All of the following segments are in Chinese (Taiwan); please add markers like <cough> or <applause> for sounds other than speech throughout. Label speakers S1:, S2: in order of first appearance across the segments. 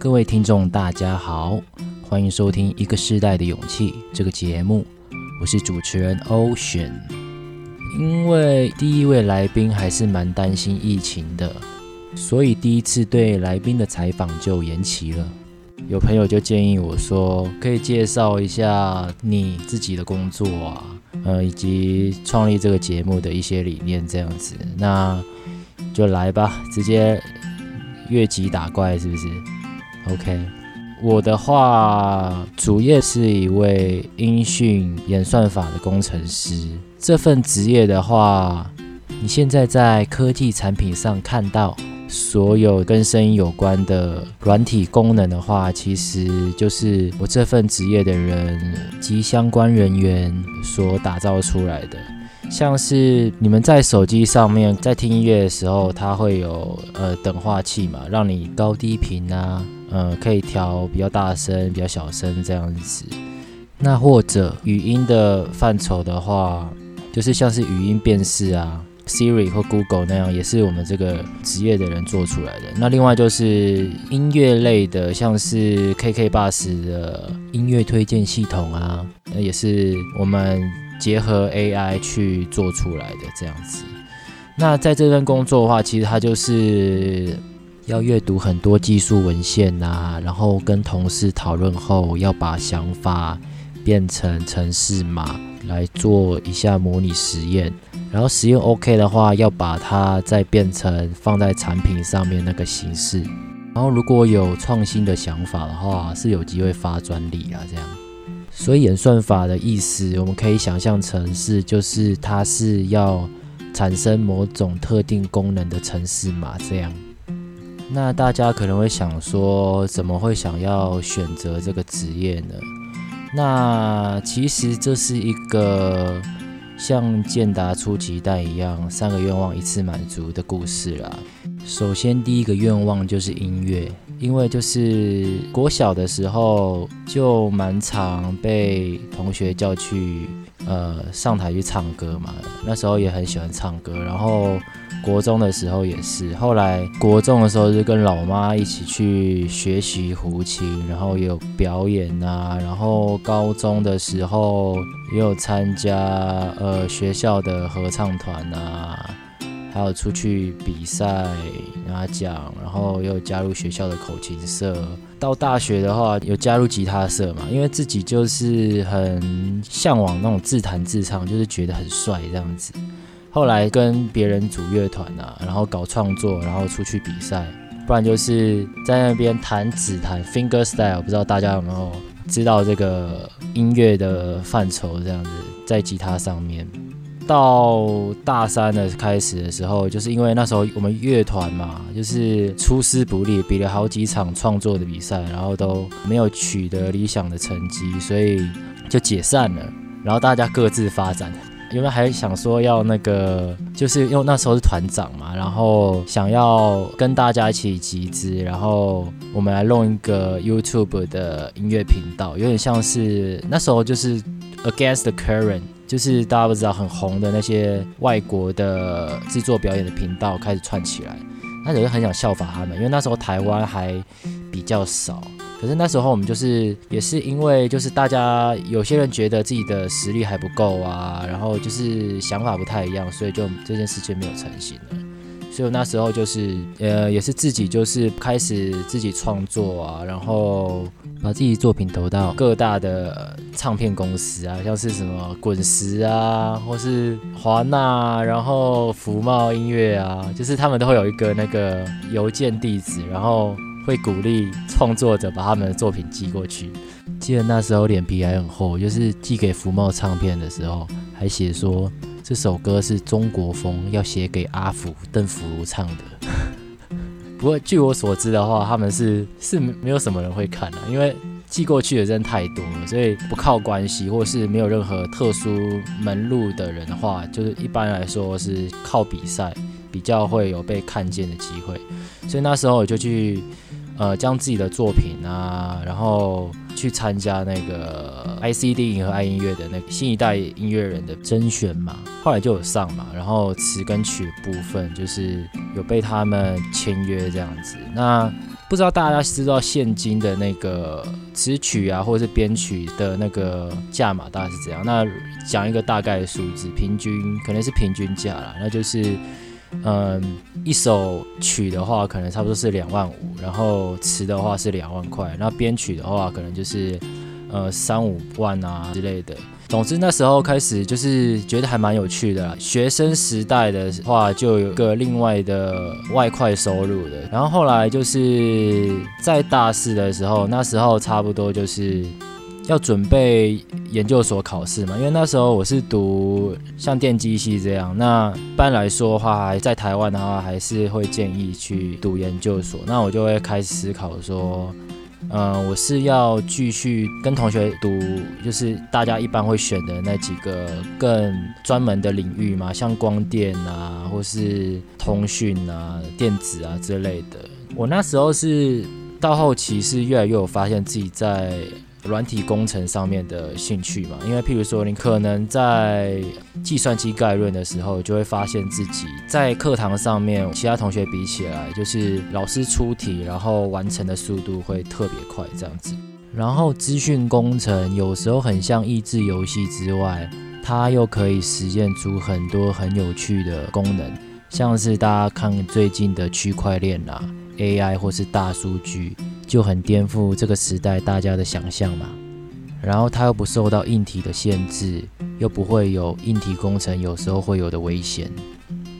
S1: 各位聽眾，大家好，歡迎收聽《一個時代的勇氣》這個節目，我是主持人 Ocean。因為第一位來賓還是蠻擔心疫情的，所以第一次對來賓的採訪就延期了。有朋友就建議我說，可以介紹一下你自己的工作啊，呃，以及創立這個節目的一些理念這樣子。那就來吧，直接越級打怪，是不是？OK，我的話，主業是一位音訊演算法的工程師。這份職業的話，你現在在科技產品上看到所有跟聲音有關的軟體功能的話，其實就是我這份職業的人及相關人員所打造出來的。像是你們在手機上面在聽音樂的時候，它會有呃等化器嘛，讓你高低頻啊。呃、嗯，可以調比較大聲，比較小聲這樣子。那或者語音的範疇的話，就是像是語音辨識啊，Siri 或 Google 那樣，也是我們這個職業的人做出來的。那另外就是音樂類的，像是 KKBOX 的音樂推薦系統啊，那、呃、也是我們結合 AI 去做出來的這樣子。那在這份工作的話，其實它就是。要閱讀很多技術文獻啊，然後跟同事討論後，要把想法變成程式碼來做一下模擬實驗，然後實驗 OK 的話，要把它再變成放在產品上面那個形式。然後如果有創新的想法的話，是有機會發專利啊，這樣。所以演算法的意思，我們可以想象成是，就是它是要產生某種特定功能的程式碼這樣。那大家可能會想說，怎麼會想要選擇這個職業呢？那其實這是一個像《健達出奇蛋》一樣，三個願望一次滿足的故事啦。首先，第一個願望就是音樂，因為就是國小的時候就蠻常被同學叫去。呃，上台去唱歌嘛，那時候也很喜歡唱歌。然後國中的時候也是，後來國中的時候是跟老媽一起去學習胡琴，然後也有表演吶、啊。然後高中的時候也有參加呃學校的合唱團吶、啊，還有出去比賽拿獎，然後又加入學校的口琴社。到大學的話，有加入吉他社嘛，因為自己就是很嚮往那種自彈自唱，就是覺得很帥這樣子。後來跟別人組樂團啊，然後搞創作，然後出去比賽，不然就是在那邊彈指彈 finger style。不知道大家有沒有知道這個音樂的範疇這樣子，在吉他上面。到大三的開始的時候，就是因為那時候我們樂團嘛，就是出師不利，比了好幾場創作的比賽，然後都沒有取得理想的成績，所以就解散了。然後大家各自發展，因為還想說要那個，就是因為那時候是團長嘛，然後想要跟大家一起集資，然後我們來弄一個 YouTube 的音樂頻道，有點像是那時候就是 Against the Current。就是大家不知道很紅的那些外國的製作表演的頻道開始串起來，那有人很想效仿他們，因為那時候台灣還比較少。可是那時候我們就是也是因為就是大家有些人覺得自己的實力還不夠啊，然後就是想法不太一樣，所以就這件事情沒有成型了。所以我那時候就是，呃，也是自己就是開始自己創作啊，然後把自己作品投到各大的，呃，唱片公司啊，像是什麼滾石啊，或是華納，然後福茂音樂啊，就是他們都會有一個那個郵件地址，然後會鼓勵創作者把他們的作品寄過去。記得那時候臉皮還很厚，就是寄給福茂唱片的時候，還寫說。這首歌是中國風，要寫給阿福鄧福如唱的。 <laughs> 不過據我所知的話，他們是是沒有什麼人會看的、啊，因為寄過去的真的太多了，所以不靠關係或是沒有任何特殊門路的人的話，就是一般來說是靠比賽比較會有被看見的機會。所以那時候我就去呃將自己的作品啊，然後。去參加那個 ICD 銀河和愛音樂的那個新一代音樂人的甄選嘛，後來就有上嘛，然後詞跟曲的部分就是有被他們簽約這樣子。那不知道大家知道現今的那個詞曲啊，或者是編曲的那個價碼大概是怎樣？那講一個大概的數字，平均可能是平均價啦，那就是。嗯，一首曲的話，可能差不多是兩萬五，然後詞的話是兩萬塊，那編曲的話可能就是，呃，三五萬啊之類的。總之那時候開始就是覺得還蠻有趣的啦。學生時代的話，就有個另外的外快收入的。然後後來就是在大四的時候，那時候差不多就是。要準備研究所考試嘛，因為那時候我是讀像電機系這樣，那一般來說的話，在台灣的話，還是會建議去讀研究所。那我就會開始思考說，嗯，我是要繼續跟同學讀，就是大家一般會選的那幾個更專門的領域嘛，像光電啊，或是通訊啊、電子啊之類的。我那時候是到後期是越來越有發現自己在軟體工程上面的興趣嘛，因為譬如說，你可能在計算機概論的時候，就會發現自己在課堂上面，其他同學比起來，就是老師出題，然後完成的速度會特別快這樣子。然後資訊工程有時候很像益智遊戲之外，它又可以實現出很多很有趣的功能，像是大家看最近的區塊鏈啦。AI 或是大數據就很顛覆這個時代大家的想象嘛，然後它又不受到硬體的限制，又不會有硬體工程有時候會有的危險，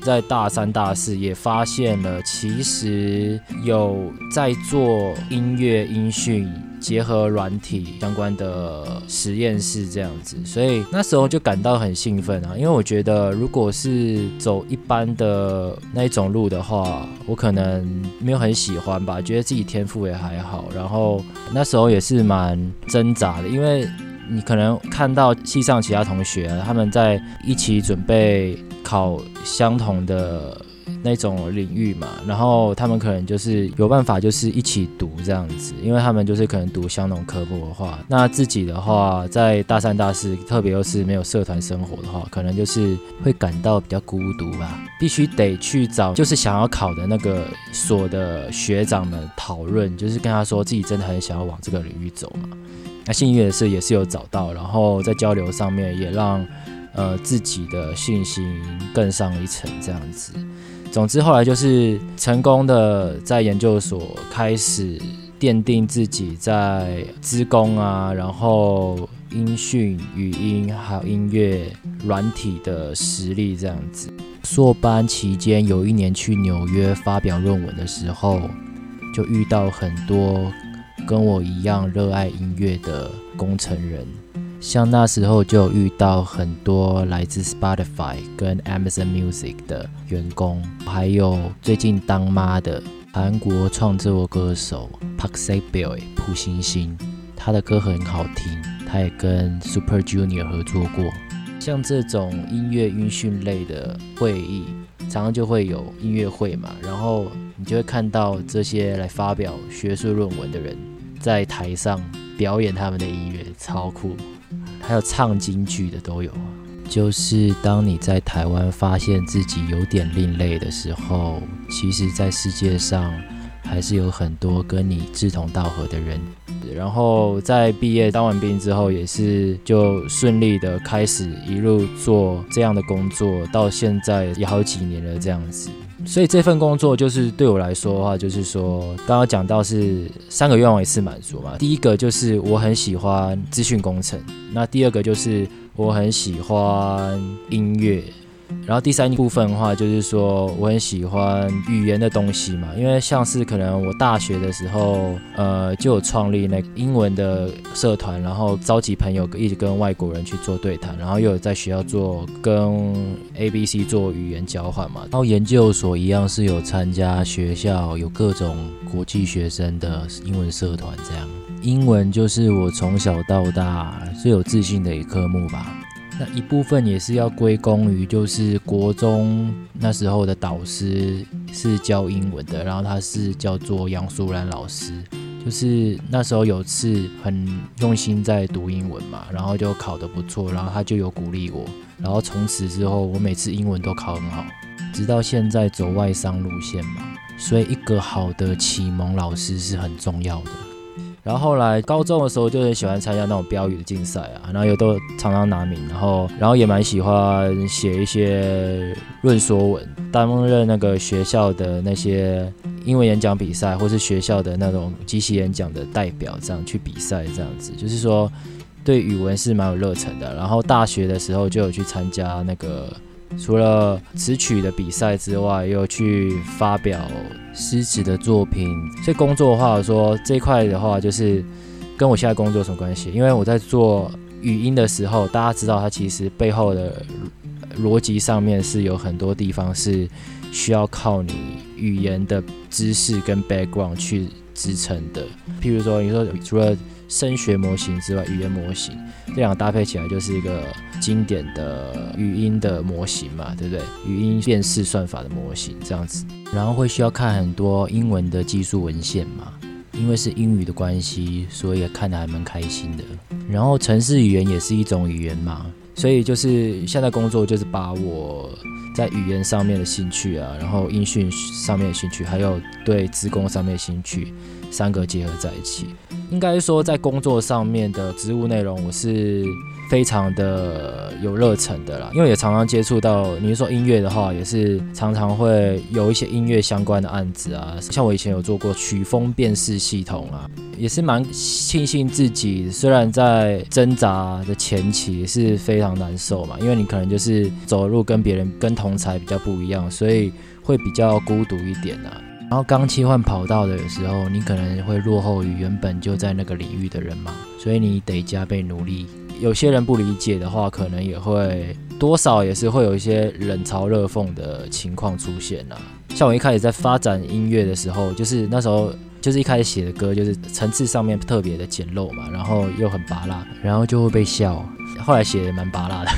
S1: 在大三、大四也發現了，其實有在做音樂音訊。結合軟體相關的實驗室這樣子，所以那時候就感到很興奮啊！因為我覺得，如果是走一般的那一種路的話，我可能沒有很喜歡吧，覺得自己天賦也還好。然後那時候也是蠻掙扎的，因為你可能看到系上其他同學、啊、他們在一起準備考相同的。那種領域嘛，然後他們可能就是有辦法，就是一起讀這樣子，因為他們就是可能讀相同科目的話，那自己的話在大三大四，特別又是沒有社團生活的話，可能就是會感到比較孤獨吧。必須得去找就是想要考的那個所的學長們討論，就是跟他說自己真的很想要往這個領域走嘛。那幸運的是也是有找到，然後在交流上面也讓呃自己的信心更上一層這樣子。總之，後來就是成功的在研究所開始奠定自己在資工啊，然後音訊、語音還有音樂軟體的實力這樣子。碩班期間有一年去紐約發表論文的時候，就遇到很多跟我一樣熱愛音樂的工程人。像那時候就遇到很多來自 Spotify 跟 Amazon Music 的員工，還有最近當媽的韓國創作歌手 Park Saebyul，蒲星星，他的歌很好聽，他也跟 Super Junior 合作過。像這種音樂音訊類的會議，常常就會有音樂會嘛，然後你就會看到這些來發表學術論文的人在台上表演他們的音樂，超酷！還有唱京劇的都有啊。就是當你在台灣發現自己有點另類的時候，其實，在世界上還是有很多跟你志同道合的人。然後在畢業當完兵之後，也是就順利的開始一路做這樣的工作，到現在也好幾年了這樣子。所以這份工作就是對我來說的話，就是說剛剛講到是三個願望一次滿足嘛。第一個就是我很喜歡資訊工程，那第二個就是我很喜歡音樂。然後第三部分的話，就是說我很喜歡語言的東西嘛，因為像是可能我大學的時候，呃，就有創立那個英文的社團，然後召集朋友一直跟外國人去做對談，然後又有在學校做跟 ABC 做語言交換嘛，然後研究所一樣是有參加學校有各種國際學生的英文社團這樣。英文就是我從小到大最有自信的一科目吧。那一部分也是要歸功於，就是國中那時候的導師是教英文的，然後他是叫做楊素蘭老師，就是那時候有次很用心在讀英文嘛，然後就考得不錯，然後他就有鼓勵我，然後從此之後我每次英文都考很好，直到現在走外商路線嘛，所以一個好的啟蒙老師是很重要的。然後後來高中的時候就很喜歡參加那種標語的競賽啊，然後也都常常拿名，然後然後也蠻喜歡寫一些論說文，擔任那個學校的那些英文演講比賽或是學校的那種即席演講的代表，這樣去比賽這樣子，就是說對語文是蠻有熱忱的。然後大學的時候就有去參加那個。除了詞曲的比賽之外，又去發表詩詞的作品。所以工作的話，我說這一塊的話，就是跟我現在工作有什麼關係？因為我在做語音的時候，大家知道它其實背後的邏輯上面是有很多地方是需要靠你語言的知識跟 background 去支撐的。譬如說，你說除了聲學模型之外，語言模型這兩個搭配起來就是一個經典的語音的模型嘛，對不對？語音辨識算法的模型這樣子，然後會需要看很多英文的技術文獻嘛，因為是英語的關係，所以看得還蠻開心的。然後，程式語言也是一種語言嘛，所以就是現在工作就是把我在語言上面的興趣啊，然後音訊上面的興趣，還有對資工上面的興趣。三個結合在一起，應該說在工作上面的職務內容，我是非常的有熱忱的啦。因為也常常接觸到，你說音樂的話，也是常常會有一些音樂相關的案子啊。像我以前有做過曲風辨識系統啊，也是蠻慶幸自己。雖然在掙扎的前期是非常難受嘛，因為你可能就是走路跟別人、跟同儕比較不一樣，所以會比較孤獨一點啊。然後剛切換跑道的時候，你可能會落後於原本就在那個領域的人嘛，所以你得加倍努力。有些人不理解的話，可能也會多少也是會有一些冷嘲熱諷的情況出現吶、啊。像我一開始在發展音樂的時候，就是那時候就是一開始寫的歌，就是層次上面特別的簡陋嘛，然後又很芭樂，然後就會被笑。後來寫的蠻芭樂的。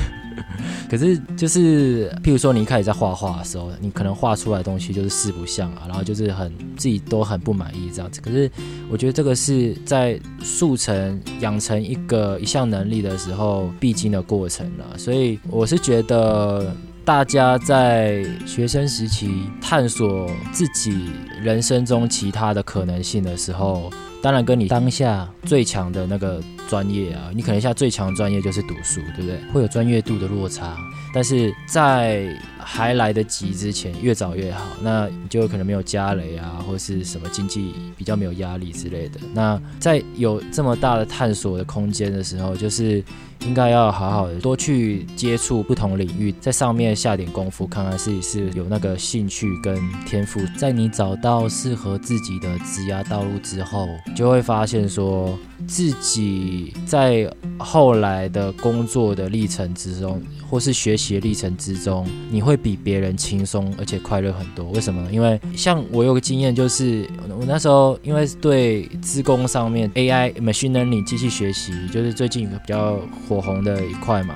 S1: 可是，就是，譬如說，你一開始在畫畫的時候，你可能畫出來的東西就是四不像啊，然後就是很自己都很不滿意這樣子。可是，我覺得這個是在速成養成一個一項能力的時候必經的過程了。所以，我是覺得大家在學生時期探索自己人生中其他的可能性的時候。當然，跟你當下最強的那個專業啊，你可能現在最強的專業就是讀書，對不對？會有專業度的落差。但是在還來得及之前，越早越好。那你就可能沒有家累啊，或者是什麼經濟比較沒有壓力之類的。那在有這麼大的探索的空間的時候，就是應該要好好的多去接觸不同領域，在上面下點功夫，看看自己是有那個興趣跟天賦。在你找到適合自己的職涯道路之後，就會發現說，自己在後來的工作的歷程之中。或是學習的歷程之中，你會比別人輕鬆而且快樂很多。為什麼？因為像我有個經驗，就是我那時候因為對資工上面 AI machine learning 機器學習，就是最近比較火紅的一塊嘛，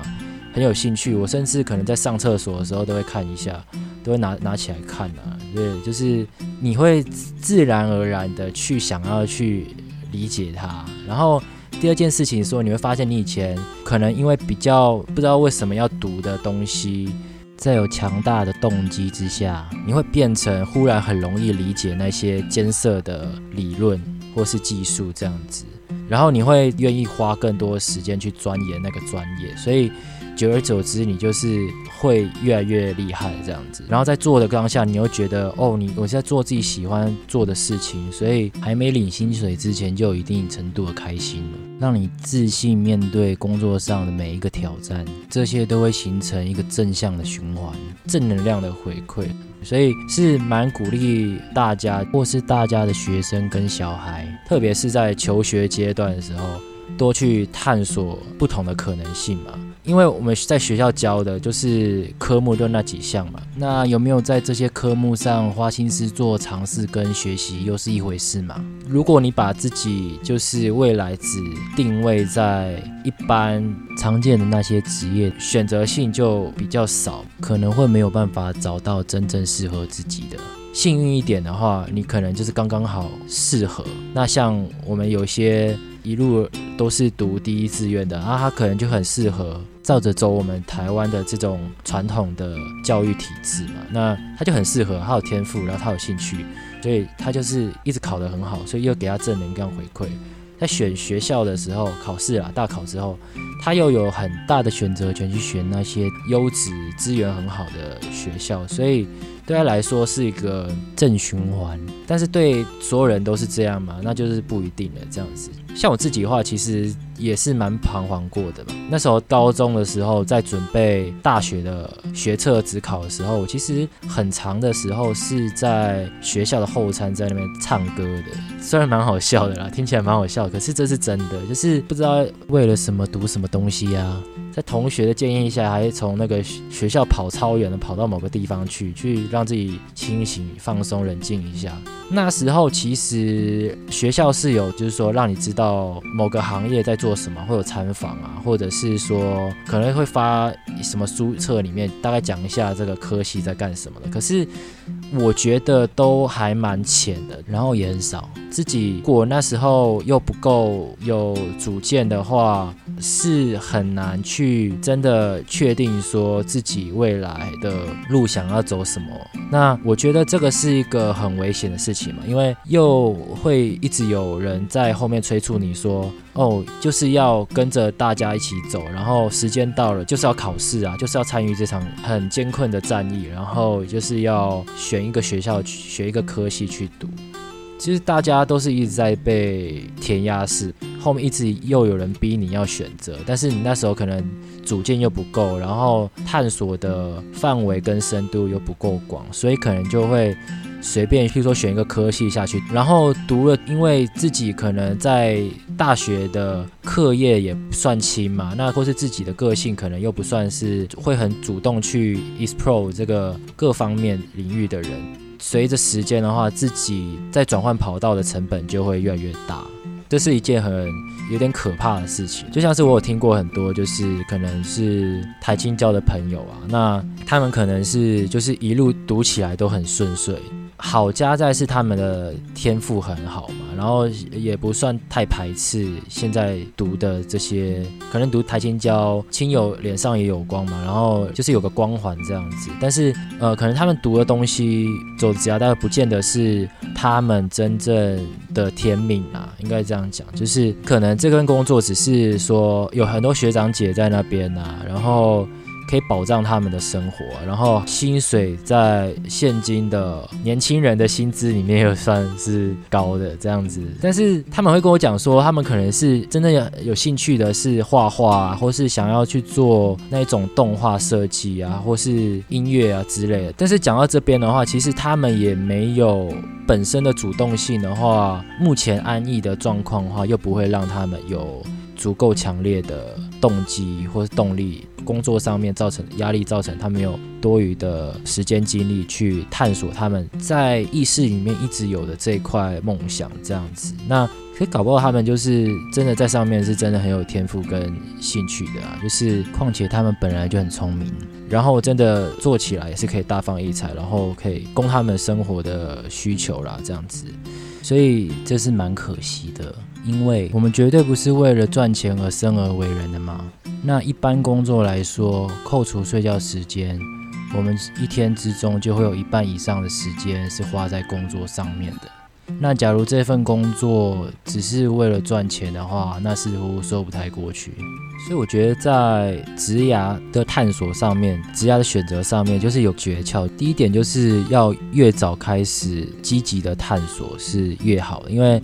S1: 很有興趣。我甚至可能在上廁所的時候都會看一下，都會拿拿起來看啊。對，就是你會自然而然的去想要去理解它，然後。第二件事情說，你會發現你以前可能因為比較不知道為什麼要讀的東西，在有強大的動機之下，你會變成忽然很容易理解那些艱澀的理論或是技術這樣子，然後你會願意花更多時間去鑽研那個專業，所以。久而久之，你就是會越來越厲害，這樣子。然後在做的當下，你又覺得哦，你我是在做自己喜歡做的事情，所以還沒領薪水之前，就有一定程度的開心了，讓你自信面對工作上的每一個挑戰。這些都會形成一個正向的循環，正能量的回饋。所以是蠻鼓勵大家，或是大家的學生跟小孩，特別是在求學階段的時候，多去探索不同的可能性嘛。因為我們在學校教的就是科目，就那幾項嘛。那有沒有在這些科目上花心思做嘗試跟學習，又是一回事嘛？如果你把自己就是未來只定位在一般常見的那些職業，選擇性就比較少，可能會沒有辦法找到真正適合自己的。幸運一點的話，你可能就是剛剛好適合。那像我們有些一路都是讀第一志願的啊，他可能就很適合。照着走我們台灣的這種傳統的教育體制嘛，那他就很適合，他有天賦，然後他有興趣，所以他就是一直考得很好，所以又給他正能量回饋。在選學校的時候，考試啊，大考之後，他又有很大的選擇權去選那些優質、資源很好的學校，所以。對他來說是一個正循環，但是對所有人都是這樣嘛？那就是不一定的這樣子。像我自己的話，其實也是蠻彷徨過的嘛。那時候高中的時候，在準備大學的學測、指考的時候，我其實很長的時候是在學校的後餐，在那邊唱歌的。雖然蠻好笑的啦，聽起來蠻好笑，可是這是真的，就是不知道為了什麼讀什麼東西呀、啊。在同學的建議下，還是從那個學校跑超遠的跑到某個地方去，去讓自己清醒、放鬆、冷靜一下。那時候其實學校是有，就是說讓你知道某個行業在做什麼，會有參訪啊，或者是說可能會發什麼書冊，裡面大概講一下這個科系在幹什麼的。可是我覺得都還蠻淺的，然後也很少。自己如果那時候又不夠有主見的話，是很難去真的確定說自己未來的路想要走什麼。那我覺得這個是一個很危險的事情嘛，因為又會一直有人在後面催促你說：“哦，就是要跟着大家一起走，然後時間到了就是要考試啊，就是要參與這場很艱困的戰役，然後就是要選一個學校去學一個科系去讀。”其實大家都是一直在被填鴨式。後面一直又有人逼你要選擇，但是你那時候可能主見又不夠，然後探索的範圍跟深度又不夠廣，所以可能就會隨便，譬如說選一個科系下去，然後讀了，因為自己可能在大學的課業也不算輕嘛，那或是自己的個性可能又不算是會很主動去 explore 這個各方面領域的人，隨着時間的話，自己在轉換跑道的成本就會越來越大。這是一件很有點可怕的事情，就像是我有聽過很多，就是可能是台清交的朋友啊，那他們可能是就是一路讀起來都很順遂。好家在是他們的天賦很好嘛，然後也不算太排斥現在讀的這些，可能讀台清交親友臉上也有光嘛，然後就是有個光環這樣子。但是呃，可能他們讀的東西走的職涯，大概不見得是他們真正的天命啊，應該這樣講，就是可能這份工作只是說有很多學長姐在那邊吶、啊，然後。可以保障他們的生活，然後薪水在現今的年輕人的薪資裡面也算是高的這樣子。但是他們會跟我講說，他們可能是真正有有興趣的是畫畫啊，或是想要去做那種動畫設計啊，或是音樂啊之類的。但是講到這邊的話，其實他們也沒有本身的主動性的話，目前安逸的狀況的話，又不會讓他們有足夠強烈的動機或是動力，工作上面造成的壓力，造成他們有多餘的時間精力去探索他們在意識裡面一直有的這一塊夢想，這樣子。那可以搞不好他們就是真的在上面是真的很有天賦跟興趣的啊。就是況且他們本來就很聰明，然後真的做起來也是可以大放異彩，然後可以供他們生活的需求啦，這樣子。所以這是蠻可惜的。因為我們絕對不是為了賺錢而生而為人的嘛。那一般工作來說，扣除睡覺時間，我們一天之中就會有一半以上的時間是花在工作上面的。那假如這份工作只是為了賺錢的話，那似乎說不太過去。所以我覺得在職涯的探索上面，職涯的選擇上面，就是有訣竅。第一點就是要越早開始積極的探索是越好的，因為。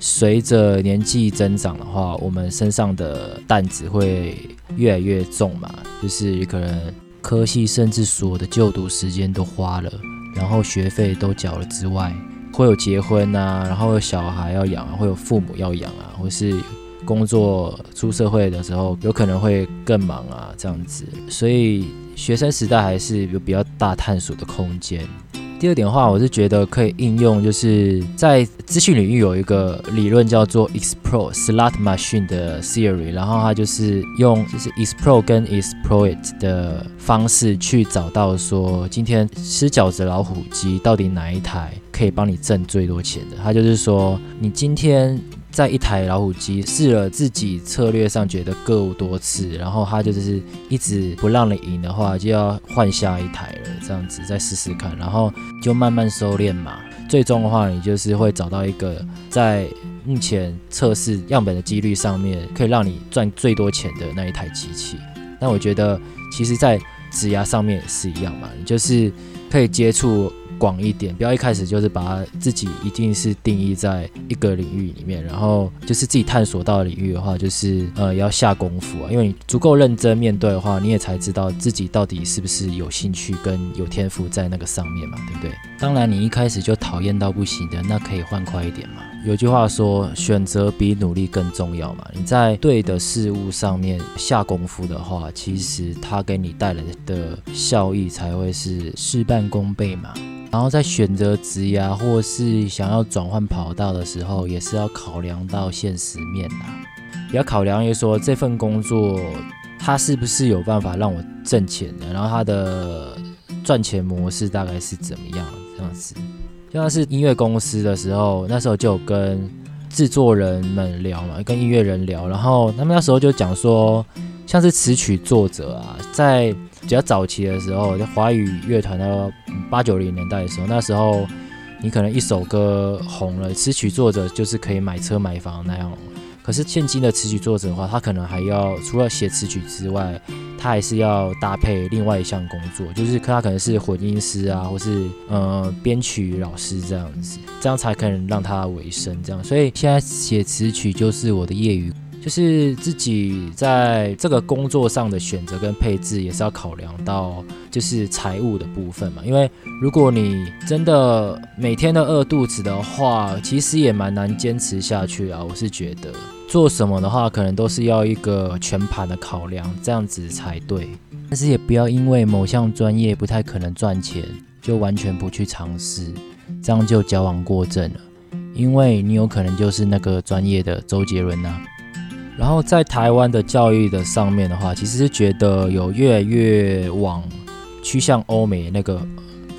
S1: 隨着年紀增長的話，我們身上的擔子會越來越重嘛，就是可能科系甚至所有的就讀時間都花了，然後學費都繳了之外，會有結婚啊，然後有小孩要養啊，會有父母要養啊，或是工作出社會的時候，有可能會更忙啊，這樣子，所以學生時代還是有比較大探索的空間。第二點的話，我是覺得可以應用，就是在資訊領域有一個理論叫做 Explore Slot Machine 的 Theory，然後它就是用就是 Explore 跟 exploit 的方式去找到說，今天吃角子老虎機到底哪一台可以幫你掙最多錢的。它就是說，你今天。在一台老虎機試了自己策略上覺得夠多次，然後他就是一直不讓你贏的話，就要換下一台了，這樣子再試試看，然後就慢慢收斂嘛。最終的話，你就是會找到一個在目前測試樣本的幾率上面可以讓你賺最多錢的那一台機器。那我覺得，其實，在職涯上面也是一樣嘛，你就是可以接觸。廣一點，不要一開始就是把自己一定是定義在一個領域裡面，然後就是自己探索到的領域的話，就是呃要下功夫啊，因為你足夠認真面對的話，你也才知道自己到底是不是有興趣跟有天賦在那個上面嘛，對不對？當然你一開始就討厭到不行的，那可以換快一點嘛。有句話說，選擇比努力更重要嘛。你在對的事物上面下功夫的話，其實它給你帶來的效益才會是事半功倍嘛。然後在選擇職涯或是想要轉換跑道的時候，也是要考量到現實面的，啊，也要考量說，這份工作它是不是有辦法讓我掙錢的，然後它的賺錢模式大概是怎麼樣這樣子。就像是音樂公司的時候，那時候就有跟製作人們聊嘛，跟音樂人聊，然後他們那時候就講說，像是詞曲作者啊，在比較早期的時候，就華語樂壇的八九零年代的時候，那時候你可能一首歌紅了，詞曲作者就是可以買車買房那樣。可是現今的詞曲作者的話，他可能還要除了寫詞曲之外，他還是要搭配另外一項工作，就是他可能是混音師啊，或是呃編曲老師這樣子，這樣才可能讓他維生這樣。所以現在寫詞曲就是我的業餘。就是自己在這個工作上的選擇跟配置也是要考量到，就是財務的部分嘛。因為如果你真的每天都餓肚子的話，其實也蠻難堅持下去啊。我是覺得做什麼的話，可能都是要一個全盤的考量，這樣子才對。但是也不要因為某項專業不太可能賺錢，就完全不去嘗試，這樣就矯枉過正了。因為你有可能就是那個專業的周杰倫吶。然後在台灣的教育的上面的話，其實是覺得有越來越往趨向歐美那個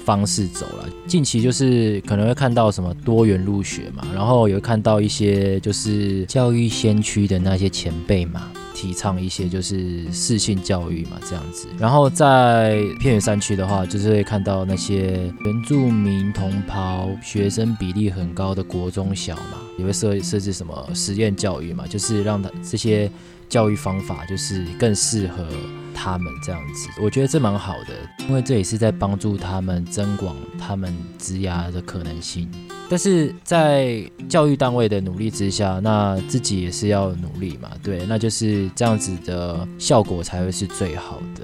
S1: 方式走了。近期就是可能會看到什麼多元入學嘛，然後也會看到一些就是教育先驅的那些前輩嘛。提倡一些就是適性教育嘛，這樣子。然後在偏遠山區的話，就是會看到那些原住民同胞學生比例很高的國中小嘛，也會設設置什麼實驗教育嘛，就是讓他這些教育方法就是更適合他們這樣子。我覺得這蠻好的，因為這也是在幫助他們增廣他們職涯的可能性。但是在教育單位的努力之下，那自己也是要努力嘛，對，那就是這樣子的效果才會是最好的。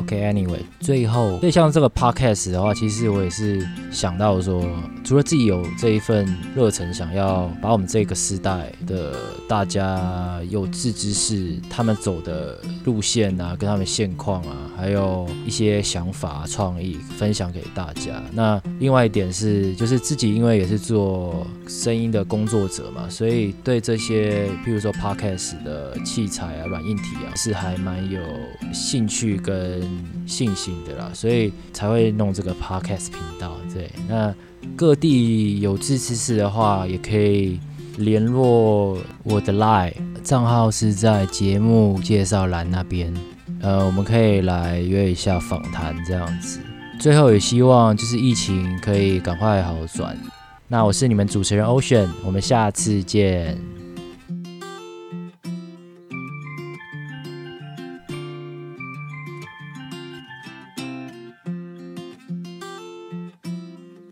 S1: OK，Anyway，對，最後，所以像這個 Podcast 的話，其實我也是想到說，除了自己有這一份熱忱，想要把我們這個時代的大家有志之士，他們走的路線啊，跟他們現況啊。還有一些想法、創意分享給大家。那另外一點是，就是自己因為也是做聲音的工作者嘛，所以對這些，比如說 Podcast 的器材啊、軟硬體啊，是還蠻有興趣跟信心的啦，所以才會弄這個 Podcast 頻道。對，那各地有志之士的話，也可以聯絡我的 line 賬號，是在節目介紹欄那邊。呃，我們可以來約一下訪談這樣子。最後也希望就是疫情可以趕快好轉。那我是你們主持人 Ocean，我們下次見。